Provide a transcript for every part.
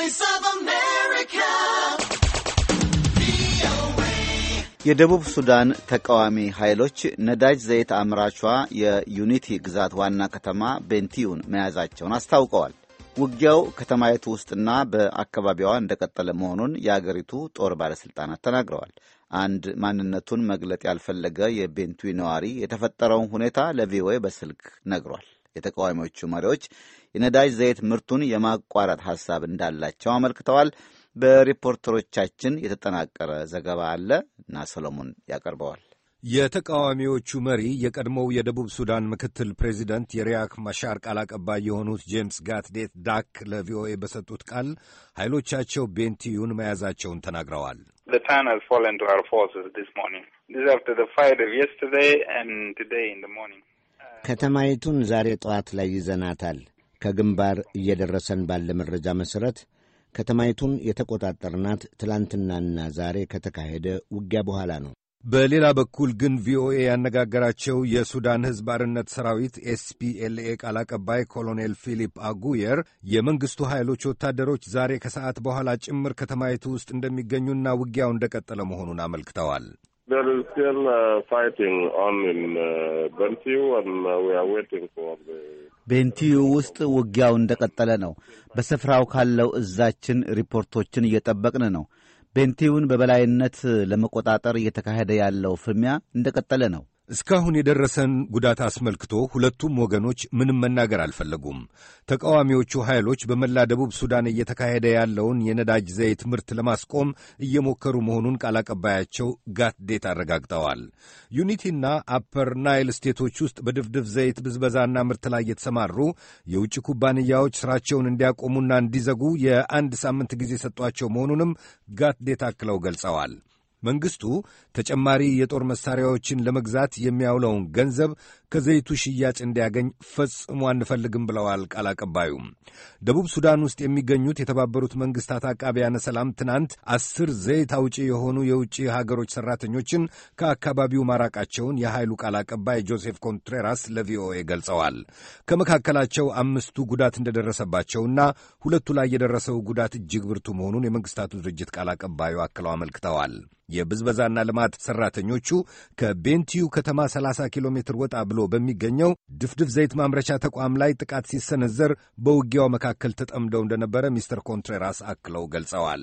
Voice of America. የደቡብ ሱዳን ተቃዋሚ ኃይሎች ነዳጅ ዘይት አምራቿ የዩኒቲ ግዛት ዋና ከተማ ቤንቲዩን መያዛቸውን አስታውቀዋል። ውጊያው ከተማይቱ ውስጥና በአካባቢዋ እንደቀጠለ መሆኑን የአገሪቱ ጦር ባለሥልጣናት ተናግረዋል። አንድ ማንነቱን መግለጥ ያልፈለገ የቤንቲዩ ነዋሪ የተፈጠረውን ሁኔታ ለቪኦኤ በስልክ ነግሯል። የተቃዋሚዎቹ መሪዎች የነዳጅ ዘይት ምርቱን የማቋረጥ ሐሳብ እንዳላቸው አመልክተዋል። በሪፖርተሮቻችን የተጠናቀረ ዘገባ አለ እና ሰሎሞን ያቀርበዋል። የተቃዋሚዎቹ መሪ የቀድሞው የደቡብ ሱዳን ምክትል ፕሬዚደንት የሪያክ ማሻር ቃል አቀባይ የሆኑት ጄምስ ጋትዴት ዳክ ለቪኦኤ በሰጡት ቃል ኃይሎቻቸው ቤንቲዩን መያዛቸውን ተናግረዋል። ከተማይቱን ዛሬ ጠዋት ላይ ይዘናታል። ከግንባር እየደረሰን ባለ መረጃ መሠረት ከተማይቱን የተቆጣጠርናት ትላንትናና ዛሬ ከተካሄደ ውጊያ በኋላ ነው። በሌላ በኩል ግን ቪኦኤ ያነጋገራቸው የሱዳን ሕዝብ አርነት ሰራዊት ኤስፒኤልኤ ቃል አቀባይ ኮሎኔል ፊሊፕ አጉየር የመንግሥቱ ኃይሎች ወታደሮች ዛሬ ከሰዓት በኋላ ጭምር ከተማይቱ ውስጥ እንደሚገኙና ውጊያው እንደቀጠለ መሆኑን አመልክተዋል። There is still uh, fighting on in uh, Bentiu and uh, we are waiting for the ቤንቲዩ ውስጥ ውጊያው እንደቀጠለ ነው። በስፍራው ካለው እዛችን ሪፖርቶችን እየጠበቅን ነው። ቤንቲዩን በበላይነት ለመቆጣጠር እየተካሄደ ያለው ፍልሚያ እንደቀጠለ ነው። እስካሁን የደረሰን ጉዳት አስመልክቶ ሁለቱም ወገኖች ምንም መናገር አልፈለጉም። ተቃዋሚዎቹ ኃይሎች በመላ ደቡብ ሱዳን እየተካሄደ ያለውን የነዳጅ ዘይት ምርት ለማስቆም እየሞከሩ መሆኑን ቃል አቀባያቸው አረጋግጠዋል። ዩኒቲና አፐር ናይል ስቴቶች ውስጥ በድፍድፍ ዘይት ብዝበዛና ምርት ላይ የተሰማሩ የውጭ ኩባንያዎች ስራቸውን እንዲያቆሙና እንዲዘጉ የአንድ ሳምንት ጊዜ ሰጧቸው መሆኑንም ጋትዴት አክለው ገልጸዋል። መንግሥቱ ተጨማሪ የጦር መሣሪያዎችን ለመግዛት የሚያውለውን ገንዘብ ከዘይቱ ሽያጭ እንዲያገኝ ፈጽሞ አንፈልግም ብለዋል ቃል አቀባዩ። ደቡብ ሱዳን ውስጥ የሚገኙት የተባበሩት መንግሥታት አቃቢያነ ሰላም ትናንት አስር ዘይት አውጪ የሆኑ የውጭ ሀገሮች ሠራተኞችን ከአካባቢው ማራቃቸውን የኃይሉ ቃል አቀባይ ጆሴፍ ኮንትሬራስ ለቪኦኤ ገልጸዋል። ከመካከላቸው አምስቱ ጉዳት እንደደረሰባቸውና ሁለቱ ላይ የደረሰው ጉዳት እጅግ ብርቱ መሆኑን የመንግሥታቱ ድርጅት ቃል አቀባዩ አክለው አመልክተዋል። የብዝበዛና ልማት ሰራተኞቹ ከቤንቲዩ ከተማ 30 ኪሎ ሜትር ወጣ ብሎ በሚገኘው ድፍድፍ ዘይት ማምረቻ ተቋም ላይ ጥቃት ሲሰነዘር በውጊያው መካከል ተጠምደው እንደነበረ ሚስተር ኮንትሬራስ አክለው ገልጸዋል።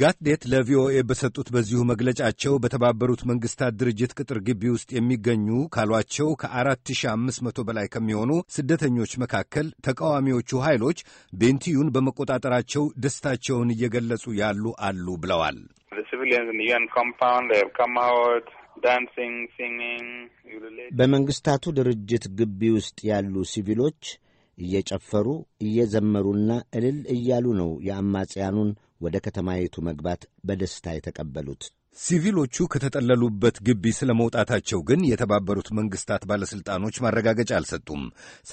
ጋትዴት ለቪኦኤ በሰጡት በዚሁ መግለጫቸው በተባበሩት መንግስታት ድርጅት ቅጥር ግቢ ውስጥ የሚገኙ ካሏቸው ከ4500 በላይ ከሚሆኑ ስደተኞች መካከል ተቃዋሚዎቹ ኃይሎች ቤንቲዩን በመቆጣጠራቸው ደስታቸውን እየገለጹ ያሉ አሉ ብለዋል። በመንግስታቱ ድርጅት ግቢ ውስጥ ያሉ ሲቪሎች እየጨፈሩ እየዘመሩና እልል እያሉ ነው የአማጽያኑን ወደ ከተማይቱ መግባት በደስታ የተቀበሉት። ሲቪሎቹ ከተጠለሉበት ግቢ ስለ መውጣታቸው ግን የተባበሩት መንግስታት ባለሥልጣኖች ማረጋገጫ አልሰጡም።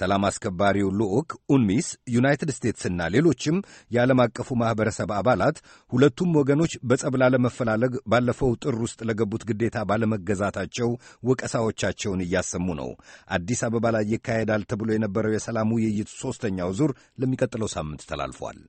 ሰላም አስከባሪው ልዑክ ኡንሚስ፣ ዩናይትድ ስቴትስና ሌሎችም የዓለም አቀፉ ማኅበረሰብ አባላት ሁለቱም ወገኖች በጸብ ላለመፈላለግ ባለፈው ጥር ውስጥ ለገቡት ግዴታ ባለመገዛታቸው ወቀሳዎቻቸውን እያሰሙ ነው። አዲስ አበባ ላይ ይካሄዳል ተብሎ የነበረው የሰላም ውይይት ሦስተኛው ዙር ለሚቀጥለው ሳምንት ተላልፏል።